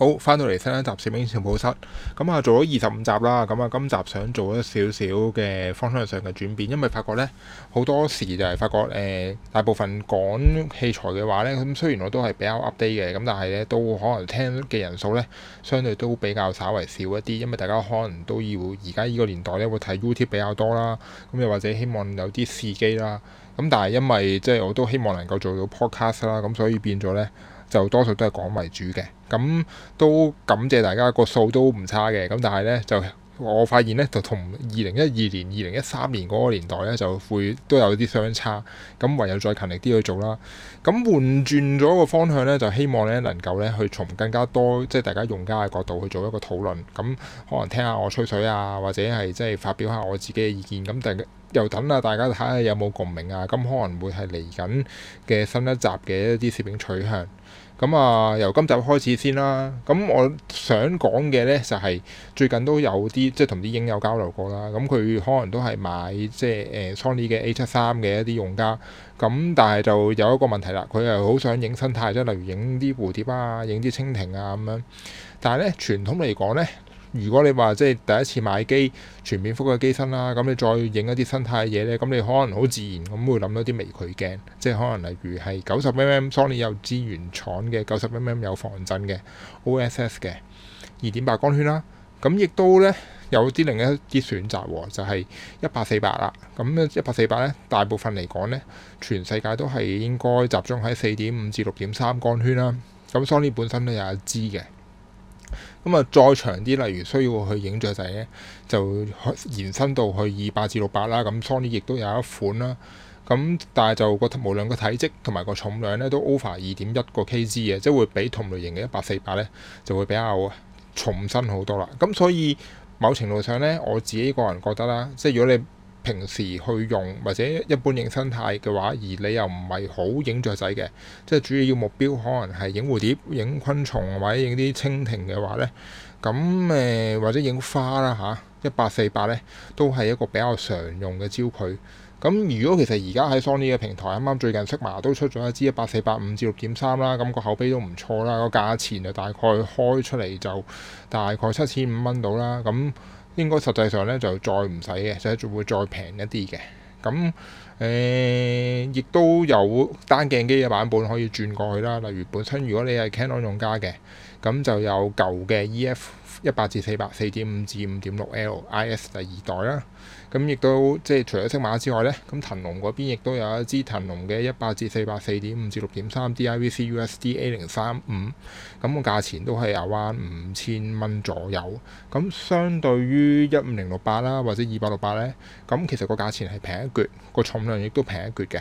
好，翻到嚟新一集攝影情報室，咁、嗯、啊做咗二十五集啦，咁、嗯、啊今集想做一少少嘅方向上嘅轉變，因為發覺呢好多時就係發覺誒、呃、大部分講器材嘅話呢，咁、嗯、雖然我都係比較 update 嘅，咁、嗯、但係呢都可能聽嘅人數呢，相對都比較稍微少一啲，因為大家可能都要而家呢個年代呢會睇 YouTube 比較多啦，咁、嗯、又或者希望有啲試機啦，咁、嗯、但係因為即係我都希望能夠做到 podcast 啦，咁、嗯、所以變咗呢。就多數都係講為主嘅，咁都感謝大家個數都唔差嘅。咁但係呢，就我發現呢，就同二零一二年、二零一三年嗰個年代呢，就會都有啲相差。咁唯有再勤力啲去做啦。咁換轉咗個方向呢，就希望呢能夠呢，去從更加多即係大家用家嘅角度去做一個討論。咁可能聽下我吹水啊，或者係即係發表下我自己嘅意見。咁大又等下大家睇下有冇共鳴啊。咁可能會係嚟緊嘅新一集嘅一啲攝影取向。咁啊，由今集開始先啦。咁我想講嘅呢，就係、是、最近都有啲即係同啲影友交流過啦。咁佢可能都係買即係誒 Sony 嘅 A 七三嘅一啲用家。咁但係就有一個問題啦，佢係好想影生態，即例如影啲蝴蝶啊、影啲蜻蜓啊咁樣。但係呢，傳統嚟講呢。如果你話即係第一次買機，全片幅嘅機身啦，咁你再影一啲生態嘢呢，咁你可能好自然咁會諗到啲微距鏡，即係可能例如係九十 mm，Sony 有原廠嘅九十 mm 有防震嘅 OSS 嘅二點八光圈啦、啊。咁亦都呢，有啲另一啲選擇、啊，就係一百四百啦。咁一百四百呢，大部分嚟講呢，全世界都係應該集中喺四點五至六點三光圈啦、啊。咁 Sony 本身都有支嘅。咁啊，再長啲，例如需要去影雀仔咧，就延伸到去二百至六百啦。咁 Sony 亦都有一款啦。咁但係就個無論個體積同埋個重量咧，都 over 二點一個 kg 嘅，即係會比同類型嘅一百四百咧就會比較重身好多啦。咁所以某程度上咧，我自己個人覺得啦，即係如果你平時去用或者一般影生態嘅話，而你又唔係好影雀仔嘅，即係主要目標可能係影蝴蝶、影昆蟲或者影啲蜻蜓嘅話呢。咁誒、呃、或者影花啦吓，一百四百呢都係一個比較常用嘅焦距。咁如果其實而家喺 Sony 嘅平台，啱啱最近 Sigma 都出咗一支一百四百五至六點三啦，咁個口碑都唔錯啦，個價錢就大概開出嚟就大概七千五蚊到啦，咁。應該實際上咧就再唔使嘅，甚至會再平一啲嘅。咁誒亦都有單鏡機嘅版本可以轉過去啦。例如本身如果你係 Canon 用家嘅，咁就有舊嘅 EF 一百至四百四點五至五點六 L IS 第二代啦。咁亦都即係除咗適馬之外呢，咁騰龍嗰邊亦都有一支騰龍嘅一百至四百四點五至六點三 Di VC USD A 零三五，咁個價錢都係牛灣五千蚊左右。咁相對於一五零六八啦，或者二百六八呢，咁其實個價錢係平一橛，個重量亦都平一橛嘅。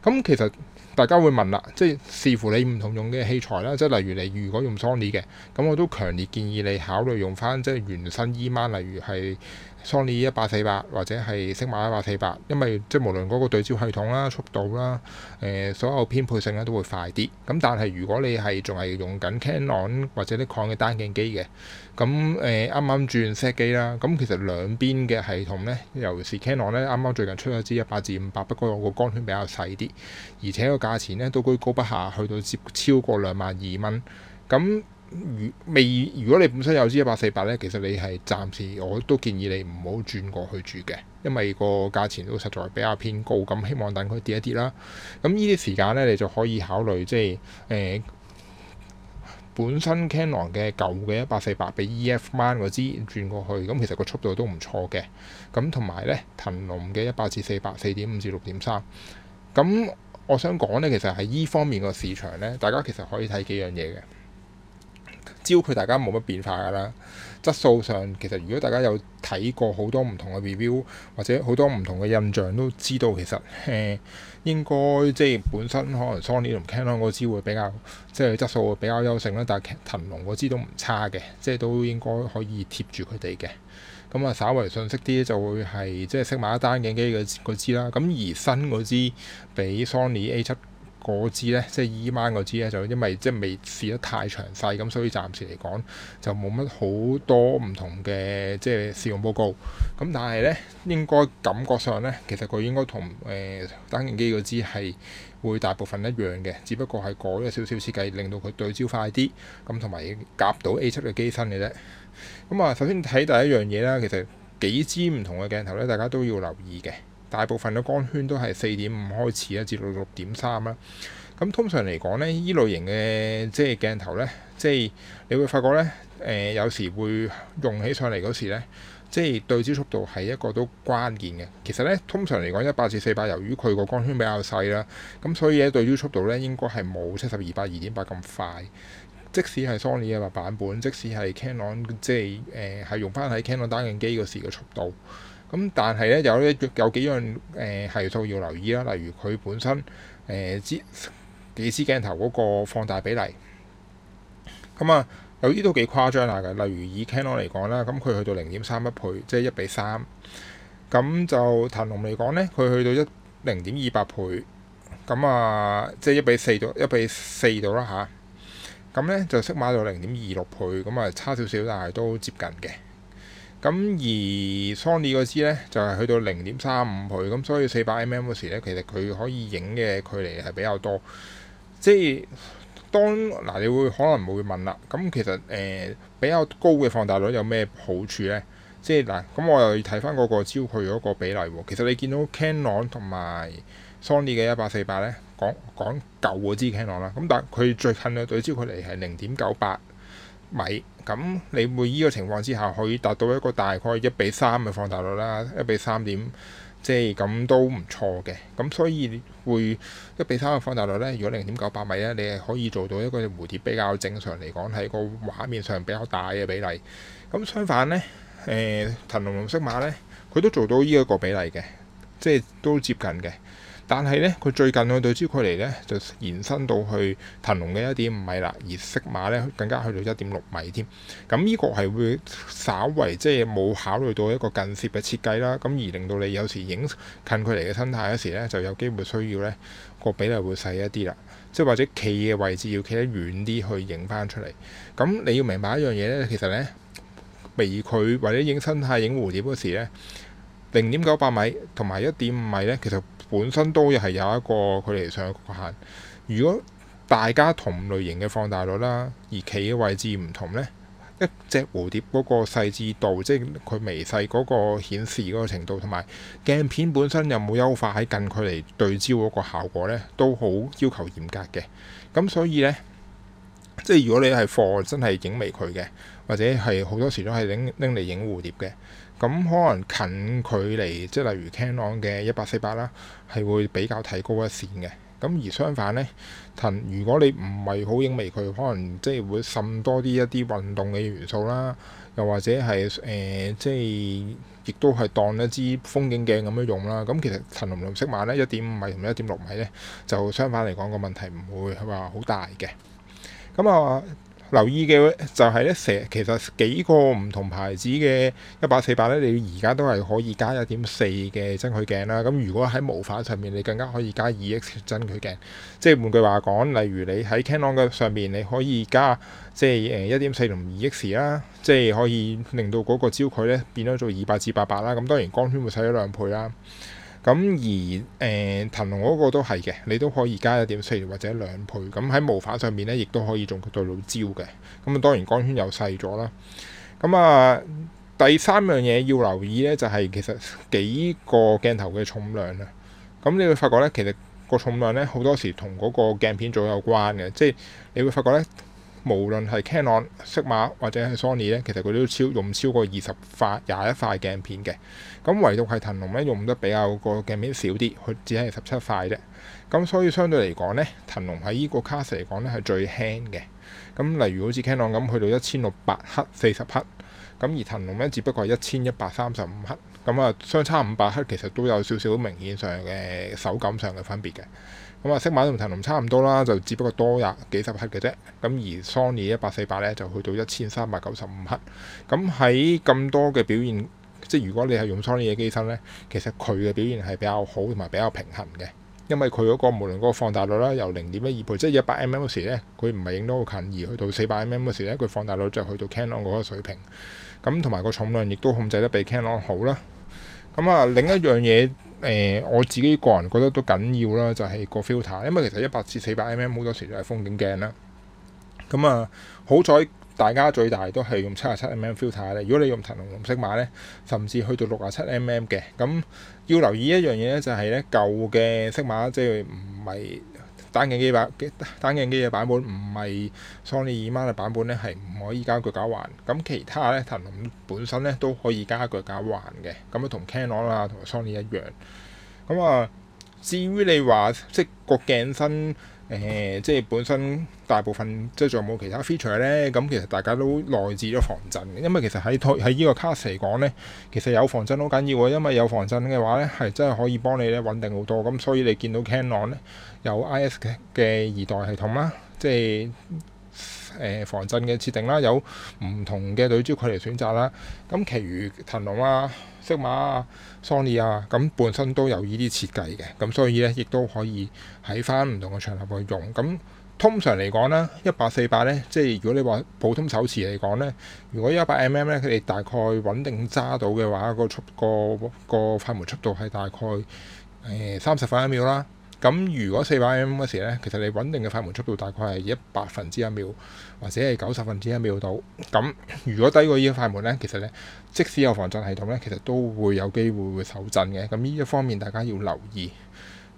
咁其實大家會問啦，即係視乎你唔同用嘅器材啦，即係例如你如果用 Sony 嘅，咁我都強烈建議你考慮用翻即係原生 E Mount 例如係。Sony 一百四百或者係 Sigma 一百四百，因為即係無論嗰個對焦系統啦、速度啦、誒、呃、所有編配性咧都會快啲。咁但係如果你係仲係用緊 Canon 或者啲抗嘅單鏡機嘅，咁誒啱啱轉 set 機啦。咁、呃、其實兩邊嘅系統呢，尤其是 Canon 呢，啱啱最近出咗支一百至五百，500, 不過個光圈比較細啲，而且個價錢呢都居高不下，去到超超過兩萬二蚊。咁如未如果你本身有支一百四百呢，00, 其實你係暫時我都建議你唔好轉過去住嘅，因為個價錢都實在比較偏高。咁希望等佢跌一跌啦。咁呢啲時間呢，你就可以考慮即係、呃、本身 Canon 嘅舊嘅一百四百俾 EF Man 嗰支轉過去，咁其實個速度都唔錯嘅。咁同埋呢，騰龍嘅一百至四百四點五至六點三。咁我想講呢，其實喺呢方面個市場呢，大家其實可以睇幾樣嘢嘅。焦距大家冇乜變化㗎啦，質素上其實如果大家有睇過好多唔同嘅 review 或者好多唔同嘅印象都知道，其實誒、呃、應該即係本身可能 Sony 同 Canon 嗰支會比較即係質素會比較優勝啦，但係騰龍嗰支都唔差嘅，即係都應該可以貼住佢哋嘅。咁、嗯、啊，稍為遜色啲就會係即係識買單鏡機嘅嗰支啦。咁而新嗰支比 Sony A 七。我知咧，即係 e m 嗰支呢，就、e、因為即係未試得太詳細，咁所以暫時嚟講就冇乜好多唔同嘅即係試用報告。咁但係呢，應該感覺上呢，其實佢應該同誒、呃、單鏡機嗰支係會大部分一樣嘅，只不過係改咗少少設計，令到佢對焦快啲，咁同埋夾到 A 七嘅機身嘅啫。咁啊，首先睇第一樣嘢啦，其實幾支唔同嘅鏡頭呢，大家都要留意嘅。大部分嘅光圈都係四點五開始啦，至到六點三啦。咁通常嚟講呢，依類型嘅即係鏡頭呢，即係你會發覺呢，誒、呃、有時會用起上嚟嗰時咧，即係對焦速度係一個都關鍵嘅。其實呢，通常嚟講一百至四百，由於佢個光圈比較細啦，咁所以咧對焦速度呢應該係冇七十二百二點八咁快。即使係 Sony 嘅話版本，即使係 Canon 即係誒係用翻喺 Canon 單鏡機嗰時嘅速度。咁但係咧有咧有幾樣誒、呃、係數要留意啦，例如佢本身誒支、呃、幾支鏡頭嗰個放大比例。咁啊，有啲都幾誇張下嘅，例如以 Canon 嚟講啦，咁佢去到零點三一倍，即係一比三。咁就騰龍嚟講呢，佢去到一零點二八倍，咁啊即係一比四到一比四度啦吓，咁呢就適馬到零點二六倍，咁啊差少少，但係都接近嘅。咁而 Sony 嗰支呢，就係、是、去到零點三五倍，咁所以四百 mm 嗰時呢，其實佢可以影嘅距離係比較多。即係當嗱，你會可能會問啦，咁、嗯、其實、呃、比較高嘅放大率有咩好處呢？即係嗱，咁我又要睇翻嗰個焦距嗰個比例喎。其實你見到 Canon 同埋 Sony 嘅一百四百呢，講講舊嗰支 Canon 啦，咁但係佢最近嘅對焦距離係零點九八米。咁，你會依個情況之下可以達到一個大概一比三嘅放大率啦，一比三點，即係咁都唔錯嘅。咁所以會一比三嘅放大率呢。如果零點九百米呢，你係可以做到一個蝴蝶比較正常嚟講，喺個畫面上比較大嘅比例。咁相反呢，誒、呃、騰龍、龍色馬呢，佢都做到呢一個比例嘅，即係都接近嘅。但係呢，佢最近去對焦距離呢，就延伸到去騰龍嘅一點五米啦，而色馬呢，更加去到一點六米添。咁呢個係會稍為即係冇考慮到一個近攝嘅設計啦。咁而令到你有時影近距離嘅生態嗰時呢，就有機會需要呢個比例會細一啲啦，即係或者企嘅位置要企得遠啲去影翻出嚟。咁你要明白一樣嘢呢，其實呢，譬如佢或者影生態、影蝴蝶嗰時呢，零點九八米同埋一點五米呢，其實。本身都又係有一個距離上嘅局限。如果大家同類型嘅放大率啦，而企嘅位置唔同呢，一隻蝴蝶嗰個細緻度，即係佢微細嗰個顯示嗰個程度，同埋鏡片本身有冇優化喺近距離對焦嗰個效果呢，都好要求嚴格嘅。咁所以呢，即係如果你係貨真係影微距嘅，或者係好多時都係拎拎嚟影蝴蝶嘅。咁可能近距離，即係例如 Canon 嘅一百四百啦，係會比較提高一線嘅。咁而相反呢，騰如果你唔係好影微佢，可能即係會滲多啲一啲運動嘅元素啦。又或者係誒、呃，即係亦都係當一支風景鏡咁樣用啦。咁其實騰龍六色碼呢，一點五米同一點六米呢，就相反嚟講個問題唔會係話好大嘅。咁啊～、呃留意嘅就係、是、咧，其實幾個唔同牌子嘅一百四百咧，你而家都係可以加一點四嘅增距鏡啦。咁如果喺無反上面，你更加可以加二 X 增距鏡。即係換句話講，例如你喺 Canon 嘅上面，你可以加誒，即係一點四同二 X 啦，即係可以令到嗰個焦距咧變咗做二百至八百啦。咁當然光圈會使咗兩倍啦。咁而誒騰龍嗰個都係嘅，你都可以加一點四或者兩倍。咁喺模髮上面呢，亦都可以做到對焦嘅。咁啊，當然光圈又細咗啦。咁啊，第三樣嘢要留意呢，就係、是、其實幾個鏡頭嘅重量啊。咁你會發覺呢，其實個重量呢，好多時同嗰個鏡片組有關嘅，即係你會發覺呢。無論係 Canon 色碼或者係 Sony 咧，其實佢都超用超過二十塊、廿一塊鏡片嘅。咁唯獨係騰龍咧，用得比較個鏡片少啲，佢只係十七塊啫。咁所以相對嚟講咧，騰龍喺呢個卡塞嚟講咧係最輕嘅。咁例如好似 Canon 咁，去到一千六百克、四十克。咁而騰龍咧，只不過係一千一百三十五克。咁啊，相差五百克，其實都有少少明顯上嘅手感上嘅分別嘅。咁啊、嗯，適馬同騰龍差唔多啦，就只不過多廿幾十克嘅啫。咁而 Sony 一百四百咧，就去到一千三百九十五克。咁喺咁多嘅表現，即係如果你係用 Sony 嘅機身咧，其實佢嘅表現係比較好同埋比較平衡嘅，因為佢嗰、嗰個無論嗰個放大率啦，由零點一二倍，即係一百 mm 嗰時咧，佢唔係影到好近，而去到四百 mm 嗰時咧，佢放大率就去到 Canon 嗰個水平。咁同埋個重量亦都控制得比 Canon 好啦。咁啊，另一樣嘢。誒、呃、我自己個人覺得都緊要啦，就係、是、個 filter，因為其實一百至四百 mm 好多時就係風景鏡啦。咁啊，好彩大家最大都係用七十七 mm filter 咧。如果你用騰龍或色碼呢，甚至去到六十七 mm 嘅，咁要留意一樣嘢呢，就係呢舊嘅色碼即係唔係。單鏡機版，單單鏡機嘅版本唔係 Sony E-Mount 嘅版本咧，係唔可以加腳架環。咁其他咧，騰龍本身咧都可以加腳架環嘅。咁啊，同 Canon 啊，同 Sony 一樣。咁啊，至於你話即個鏡身。誒、呃，即係本身大部分即係仲有冇其他 feature 咧？咁其實大家都內置咗防震嘅，因為其實喺台喺依個 class 嚟講咧，其實有防震好緊要喎。因為有防震嘅話咧，係真係可以幫你咧穩定好多。咁所以你見到 Canon 咧有 IS 嘅嘅二代系統啦，即係。防震嘅設定啦，有唔同嘅對焦距離選擇啦。咁，其餘騰龍啊、色馬啊、Sony 啊，咁本身都有呢啲設計嘅。咁所以呢，亦都可以喺翻唔同嘅場合去用。咁通常嚟講啦，一百四百呢，即係如果你話普通手持嚟講呢，如果一百 mm 呢，佢哋大概穩定揸到嘅話，速個速、個個快門速度係大概呃、三十分一秒啦。咁如果四百 m 嗰時咧，其實你穩定嘅快門速度大概係一百分之一秒，或者係九十分之一秒到。咁如果低過呢個快門咧，其實咧，即使有防震系統咧，其實都會有機會會手震嘅。咁呢一方面大家要留意。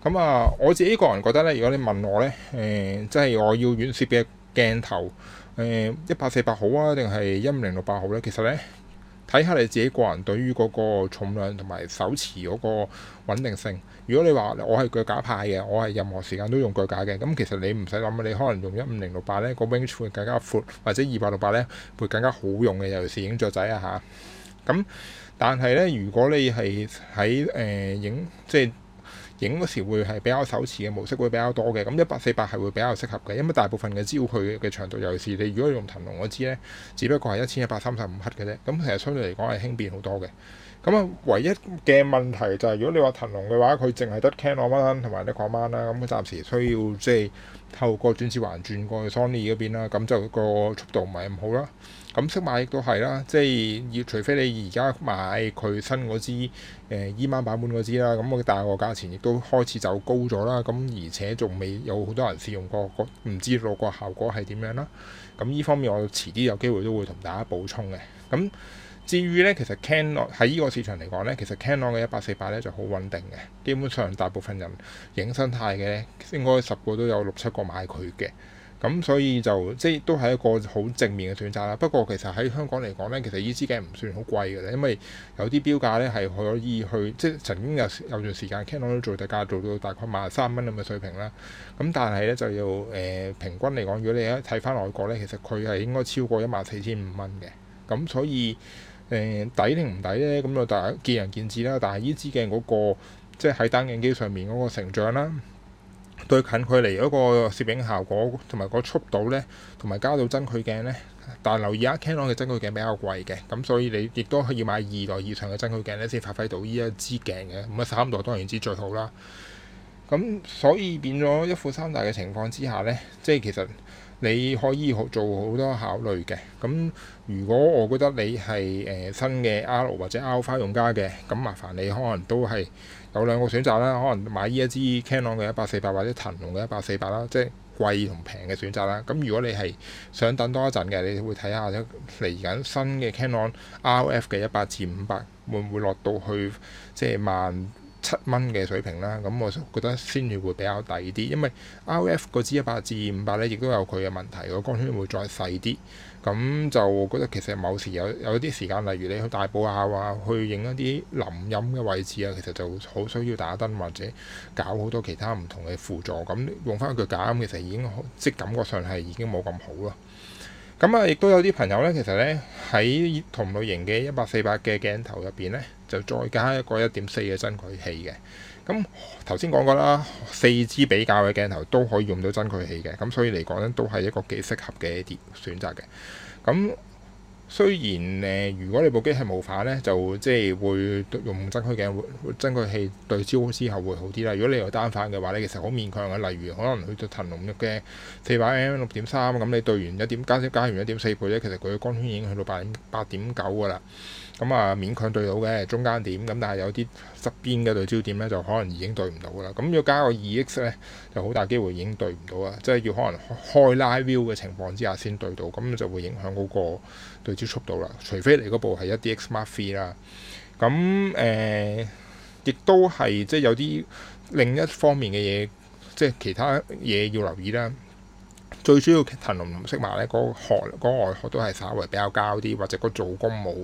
咁啊，我自己個人覺得咧，如果你問我咧，誒即係我要遠攝嘅鏡頭，誒一百四百好啊，定係一五零六百好咧，其實咧。睇下你自己個人對於嗰個重量同埋手持嗰個穩定性。如果你話我係腳架派嘅，我係任何時間都用腳架嘅。咁其實你唔使諗，你可能用一五零六八呢、個 range 會更加闊，或者二八六八呢會更加好用嘅，尤其是影雀仔啊嚇。咁但係呢，如果你係喺誒影即係。影嗰時會係比較手持嘅模式會比較多嘅，咁一百四百係會比較適合嘅，因為大部分嘅焦距嘅長度，尤其是你如果用騰龍嗰支呢，只不過係一千一百三十五克嘅啫，咁其實相對嚟講係輕便好多嘅。咁啊，唯一嘅問題就係、是、如果你話騰龍嘅話，佢淨係得 Canon 同埋尼康版啦，咁佢暫時需要即係透過轉接環轉過去 Sony 嗰邊啦，咁、嗯、就、這個速度唔係咁好啦。咁、嗯、適馬亦都係啦，即係要除非你而家買佢新嗰支誒 E-mount 版本嗰支啦，咁個大個價錢亦都開始走高咗啦。咁、嗯、而且仲未有好多人試用過，個唔知道個效果係點樣啦。咁、嗯、呢方面我遲啲有機會都會同大家補充嘅。咁、嗯至於咧，其實 Canon 喺呢個市場嚟講咧，其實 Canon 嘅一百四百咧就好穩定嘅。基本上大部分人影生態嘅咧，應該十個都有六七個買佢嘅。咁所以就即係都係一個好正面嘅選擇啦。不過其實喺香港嚟講咧，其實依支鏡唔算好貴嘅啦，因為有啲標價咧係可以去，即係曾經有有段時間 Canon 都做特價，做到大概萬三蚊咁嘅水平啦。咁但係咧就要誒、呃、平均嚟講，如果你一睇翻外國咧，其實佢係應該超過一萬四千五蚊嘅。咁所以誒抵定唔抵呢？咁就大家見仁見智啦。但係呢支鏡嗰個，即係喺單鏡機上面嗰個成像啦，對近距離嗰個攝影效果同埋嗰速度呢，同埋加到增距鏡呢。但留意下，Canon 嘅增距鏡比較貴嘅，咁所以你亦都可以買二代以上嘅增距鏡呢，先發揮到呢一支鏡嘅。咁啊，三代當然之最好啦。咁所以變咗一副三大嘅情況之下呢，即係其實。你可以學做好多考慮嘅。咁，如果我覺得你係誒新嘅 R 或者 RF 用家嘅，咁麻煩你可能都係有兩個選擇啦。可能買呢一支 Canon 嘅一百四百或者騰龍嘅一百四百啦，即係貴同平嘅選擇啦。咁如果你係想等多一陣嘅，你會睇下嚟緊新嘅 Canon RF 嘅一百至五百會唔會落到去即係萬？七蚊嘅水平啦，咁我就覺得先至會比較低啲，因為 RF 嗰支一百至五百咧，亦都有佢嘅問題，個光圈會再細啲。咁就覺得其實某時有有啲時間，例如你去大埔下話，去影一啲林蔭嘅位置啊，其實就好需要打燈或者搞好多其他唔同嘅輔助。咁用翻佢假音，其實已經即感覺上係已經冇咁好咯。咁啊，亦都有啲朋友呢，其實呢，喺同類型嘅一百四百嘅鏡頭入邊呢。就再加一個一點四嘅增距器嘅，咁頭先講過啦，四支比較嘅鏡頭都可以用到增距器嘅，咁所以嚟講呢，都係一個幾適合嘅一啲選擇嘅。咁雖然誒、呃，如果你部機係無反呢，就即係會用增距鏡、增距器對焦之後會好啲啦。如果你有單反嘅話呢，其實好勉強嘅。例如可能去到騰龍嘅四百 M 六點三，咁你對完一點，加加完一點四倍呢，其實佢嘅光圈已經去到八點八點九㗎喇。咁啊、嗯，勉強對到嘅中間點，咁、嗯、但係有啲側邊嘅對焦點咧，就可能已經對唔到啦。咁、嗯、要加個二 X 咧，就好大機會已經對唔到啦。即係要可能開 Live View 嘅情況之下先對到，咁、嗯、就會影響嗰個對焦速度啦。除非你嗰部係一啲 X Mark Three 啦，咁誒亦都係即係有啲另一方面嘅嘢，即係其他嘢要留意啦。最主要騰龍同 Sigma 咧，嗰殼嗰外殼都係稍微比較膠啲，或者個做工冇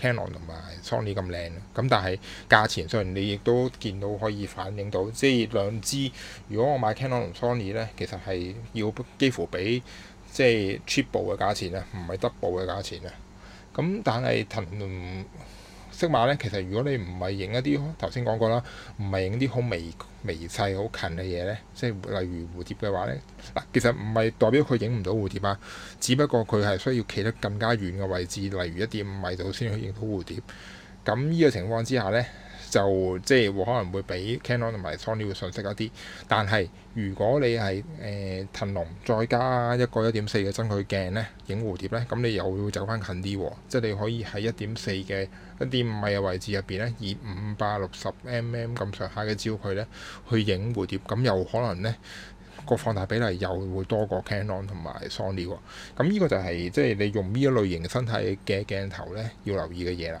Canon 同埋 Sony 咁靚。咁但係價錢，雖然你亦都見到可以反映到，即係兩支如果我買 Canon 同 Sony 咧，其實係要幾乎畀即係 triple 嘅價錢啊，唔係 double 嘅價錢啊。咁但係騰龍。色馬咧，其實如果你唔係影一啲頭先講過啦，唔係影啲好微微細、好近嘅嘢咧，即係例如蝴蝶嘅話咧，嗱其實唔係代表佢影唔到蝴蝶啊，只不過佢係需要企得更加遠嘅位置，例如一啲五米度先去影到蝴蝶。咁呢個情況之下咧，就即係可能會比 Canon 同埋 Sony 會遜色一啲，但係如果你係誒、呃、騰龍再加一個一點四嘅增距鏡呢，影蝴蝶呢，咁你又要走翻近啲喎，即係你可以喺一點四嘅一點五米嘅位置入邊呢，以五百六十 mm 咁上下嘅焦距呢，去影蝴蝶，咁又可能呢。個放大比例又會多過 Canon 同埋 Sony 喎，咁呢個就係、是、即係你用呢一類型身體嘅鏡頭呢，要留意嘅嘢啦。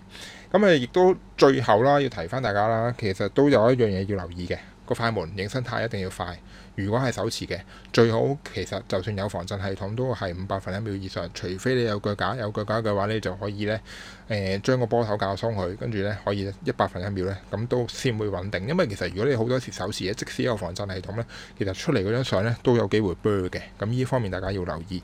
咁誒，亦都最後啦，要提返大家啦，其實都有一樣嘢要留意嘅。個快門影生態一定要快，如果係手持嘅，最好其實就算有防震系統都係五百分一秒以上，除非你有腳架，有腳架嘅話，你就可以呢誒、呃、將個波頭校鬆佢，跟住呢可以一百分一秒呢，咁都先會穩定。因為其實如果你好多時手持嘅，即使有防震系統呢，其實出嚟嗰張相呢都有機會 blur 嘅，咁呢方面大家要留意。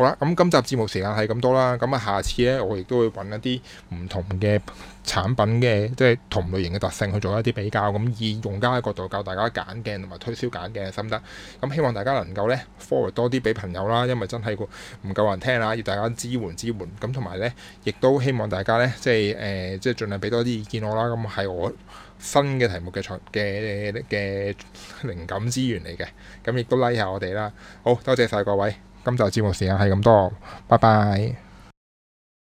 好啦，咁今集節目時間係咁多啦，咁啊下次呢，我亦都會揾一啲唔同嘅產品嘅，即係同類型嘅特性去做一啲比較，咁以用家嘅角度教大家揀鏡同埋推銷揀鏡嘅心得。咁希望大家能夠呢 follow 多啲俾朋友啦，因為真係唔夠人聽啦，要大家支援支援。咁同埋呢，亦都希望大家呢，即係誒、呃，即係盡量俾多啲意見我啦。咁係我新嘅題目嘅嘅嘅靈感資源嚟嘅。咁亦都 like 下我哋啦。好多謝晒各位。今集節目時間係咁多，拜拜。